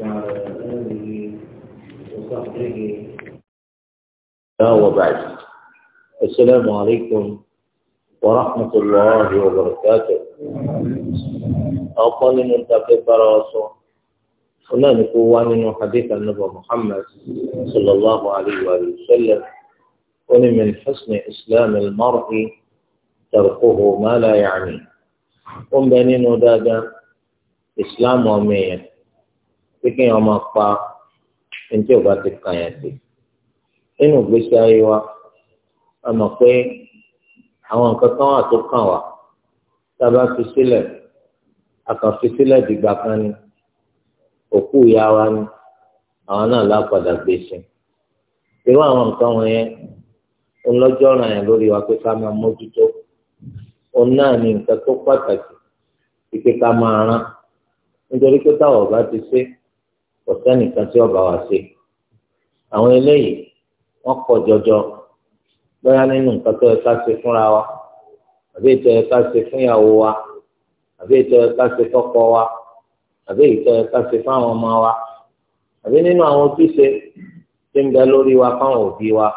وعلى آله وصحبه وبعد السلام عليكم ورحمة الله وبركاته أقل من تكبر رسول الله نقوى حديث النبي محمد صلى الله عليه وآله وسلم ومن حسن إسلام المرء تركه ما لا يعنيه ومن بنين دادا إسلام ومية pé kí wọn máa pa ẹni tí ọba ti kàn yẹn sí nínú ìgbésí ayé wa a mọ̀ pé àwọn nǹkan kan wà tó kàn wá tá a bá fi sílẹ̀ a kàn fi sílẹ̀ dìgbà kan ni òkú ìyá wa ni àwọn náà lápadà gbé irú àwọn nǹkan wọn yẹn ńlọ́jọ́ ràn yẹn lórí wa pé ká máa mójútó òun náà ni nǹkan tó pàtàkì ìpè ká máa rán nítorí pé táwọn ọba ti ṣe sẹ́nìkan tí ọba wa ṣe àwọn eléyìí wọ́n pọ̀ jọjọ bóyá nínú nǹkan tó yẹ ká ṣe fúnra wa àbí ètò yẹ ká ṣe fúnyàwó wa àbí ètò yẹ ká ṣe fọ́kọ wa àbí ètò yẹ ká ṣe fáwọn ọmọ wa àbí nínú àwọn ojúṣe tí ń bẹ lórí wa fáwọn òbí wa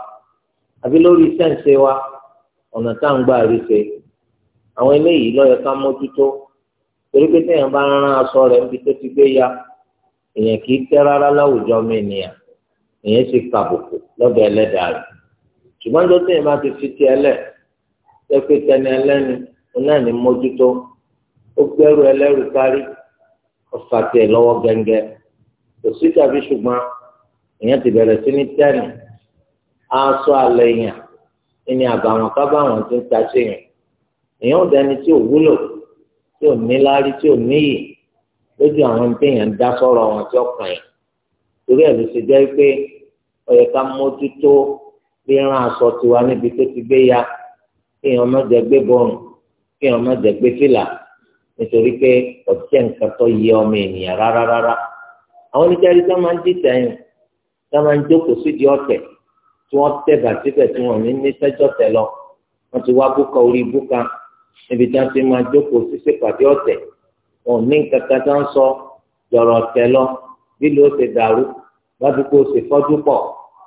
àbí lórí sẹ́ǹsẹ̀ wa ọ̀nà tá à ń gbà rí ṣe àwọn eléyìí ló yẹ ká mójútó torí pé téèyàn bá rán aṣọ rẹ̀ níbi tó ti gbé ya. èèyàn kì í tẹ́ rárá láwùjọ ọmọ ènìyàn èèyàn sì kàbùkù lọ́dọ̀ ẹlẹ́dàá rẹ̀ ṣùgbọ́n tó tẹ̀yìn bá ti fi ti ẹlẹ̀ pẹ́pẹ́ tẹni ẹlẹ́ni náà ní mójútó ó gbẹ́rù ẹlẹ́rù kárí ọ̀fà tiẹ̀ lọ́wọ́ gẹ́ngẹ́ kò sí tàbí ṣùgbọ́n èèyàn ti bẹ̀rẹ̀ sí ní tẹ́nu aṣọ àlẹ́ èèyàn ẹni àbàwọ̀n kábàwọ̀n ti ń ta ṣèyàn èèyàn ò dẹni tí ò wúlò tí ò níláárí tí ò níyì lójú àwọn ẹni téèyàn ń dá sọ̀rọ̀ wọn tí ọkàn yẹn torí ẹ̀ ló ṣe jẹ́ pé ó yẹ ká mójútó ríran aṣọ tiwa níbi tó ti gbé ya kéèyàn má jẹ gbé bọrùn kéèyàn má jẹ gbé fìlà nítorí pé ọ̀jẹ̀ nǹkan tó yẹ ọmọ ènìyàn rárá rárá àwọn oníjàrí tó máa ń dìtẹ̀ yìí tó máa ń jókòó sídìí ọ̀tẹ̀ tí wọ́n tẹ̀ bàtíbẹ̀ tí wọ́n ní ní sẹ́jọ́ tẹ̀ lọ wọ́n ti wá búka orí búka níbi tí wọ́n ti máa jókòó sí ṣèpàdé ọ̀tẹ̀ òní kankan tó ń sọ jọ̀rọ̀ tẹ lọ bí ló ṣe dàrú ládùúgbò ṣe fọ́jú pọ̀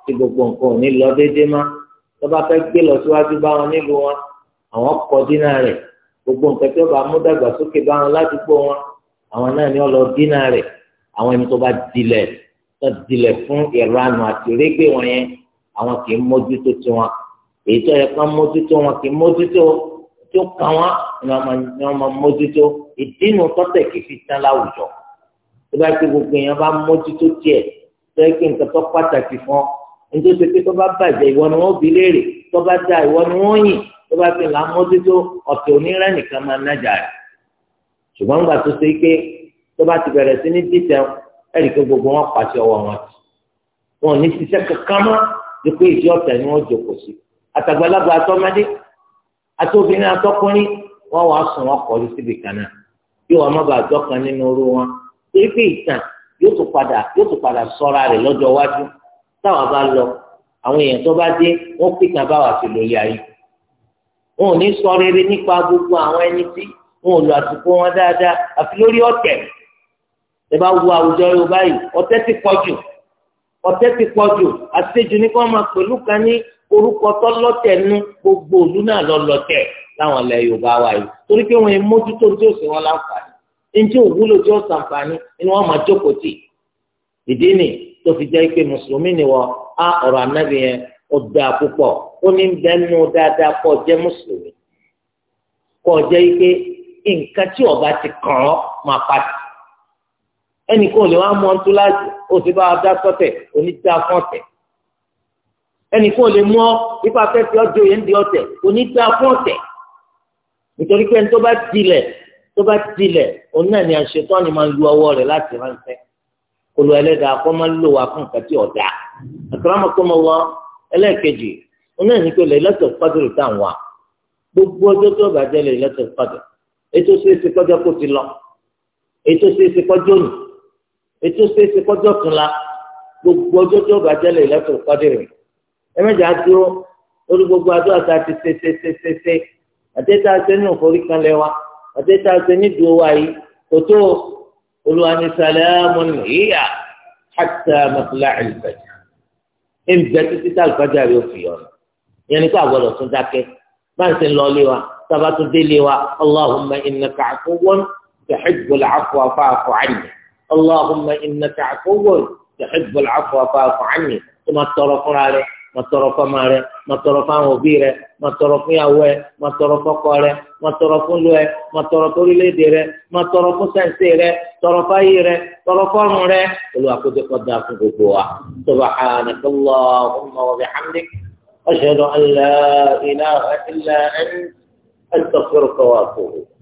tí gbogbo nǹkan ò ní lọ déédéé má tó bá fẹ́ gbé lọ síwájú bá wọn nílùú wọn àwọn kọ dínà rẹ̀ gbogbo nǹkan tó bá mú dàgbàsókè bá wọn ládùúgbò wọn àwọn náà ni wọn lọ dínà rẹ̀ àwọn ẹni tó bá dilẹ̀ tó dilẹ̀ fún ìranù àti régbè wọn yẹn àwọn kì í mójútó tiwọn èyí tó yẹ kán mójútó wọn kì í mójútó tí ó kàn wá ni wọ́n máa mójútó ìdínú tọ́tẹ̀ kì í fi tán láwùjọ tó bá pé gbogbo èèyàn bá mójútó tiẹ̀ lọ́yẹ́ pé nǹkan tó pàtàkì fún ọ nítorí pé pé tó bá bàjẹ́ ìwọ ni wọ́n bi léèrè tó bá da ìwọ ni wọ́n yìn tó bá fi là mójútó ọ̀tẹ̀ onírẹ́ nìkan máa nájà rẹ̀ ṣùgbọ́n gbà tó ṣe pé tó bá ti bẹ̀rẹ̀ sí ní dìtẹ̀ ẹ̀rí pé gbogbo wọn pàṣẹ ọwọ́ wọn ti wọn ò ní ṣiṣẹ́ kankan mọ́ àti obìnrin àtọkùnrin wọn wàá sùn wọn kọlu síbi kan náà bí wọn má bàa jọkan nínú orú wọn torí pé ìtàn yóò tún padà yóò tún padà sọra rẹ̀ lọ́jọ́ iwájú táwa bá lọ àwọn èèyàn tó bá dé wọn pìtàn báwa sì lórí ayé wọn ò ní sọ rere nípa gbogbo àwọn ẹni tí wọn ò lo àsìkò wọn dáadáa àfi lórí ọ̀tẹ̀ ẹ bá wo àwùjọ Yorùbá yìí ọ̀tẹ̀ ti pọ̀ jù ọ̀tẹ̀ ti pọ̀ jù ní kí máa pẹ̀lú kan ní orúkọ tó lọ́tẹ̀ nú gbogbo òlú náà lọ lọ́tẹ̀ láwọn ilẹ̀ Yorùbá wa yìí torí pé wọn mójútó tí ó sì wọn láǹfààní ntí òwúlò tí ó sàǹfààní ni wọn máa jókòó tì ìdí ni tó fi jẹ́ pé mùsùlùmí ni wọ́n á ọ̀rọ̀ anábì yẹn ó dáa púpọ̀ ó ní bẹ́ẹ̀nu dáadáa kọ́ jẹ́ mùsùlùmí kọ́ jẹ́ pé nǹkan tí ọba ti kàn ọ́ máa pàtì ẹnì kan ò lè wá mọ́ ọ́n láti ó ti bá a dá sọ́tẹ̀ onídàá fọ́tẹ̀ ẹnì kan ò lè mú ọ ipa afẹ́fẹ́ ọjọ́ yẹn ń di ọ̀tẹ̀ òní gbé afọ́ ọ̀tẹ̀ nítorí pé tó bá dilẹ̀ tó bá dilẹ̀ òun náà ni àṣetọ́ ni máa lu ọwọ́ rẹ̀ láti ránṣẹ́ olú ẹlẹ́dàá kọ́ máa lò wá fún nǹkan tí ọ̀dà àkàràmọ́kọ́mọ́wọ́ ẹlẹ́ẹ̀kejì òun náà ní pé lẹ́lẹ́tọ̀ pàdùrù tá à ń wà gbogbo ọjọ́ tó bá jẹ́ lẹ́lẹ́tọ̀ pàdùrù ètò ṣeéṣe kọjọ́ kó ti lọ ètò ṣeéṣe kọjọ́ nù ètò ṣeéṣe kọjọ́ tún la gbogbo ọjọ́ tó bá jẹ́ lẹ́lẹ́tọ̀ pàdùrù ẹ mẹ́jọ dúró lórí gbogbo àdúrà tá a ti ṣe ṣe ṣe ṣe ṣe àtẹ́tà ṣe nínú ìforíkanlẹ̀ wa àtẹ́tà ṣe nídùú wa yìí kò tó olùwànísàlẹ́mù nìyà hàtà mọ̀tìlá ìlbẹ̀jà ẹnìjẹ títí tá àlùfáàjà rẹ̀ fi yọ ọ̀nà yẹn ní kó àgbọ̀dọ̀ tún dákẹ́ bá ń ṣe lọ lé wa sábà tún délé wa allahumma innaka afuwun tuhibbul afwa fa'fu anni allahumma innaka afuwun tuhibbul afwa fa'fu anni tó máa tọrọ fúnra rẹ̀ má tọrọ fọmọ rẹ má tọrọ fáwọn òbí rẹ má tọrọ fún ìyàwó ẹ má tọrọ fọ́kọ rẹ má tọrọ fún lu ẹ má tọrọ fórílẹ̀èdè rẹ má tọrọ fún sẹǹsì rẹ tọrọ fáyé rẹ tọrọ fọ́rùn rẹ olú àkójọpọ̀ dáa fún gbogbo wa subhanaka Allahumma wa bihamdik ashhadu an ilaha illa anta astaghfiruka wa atubu.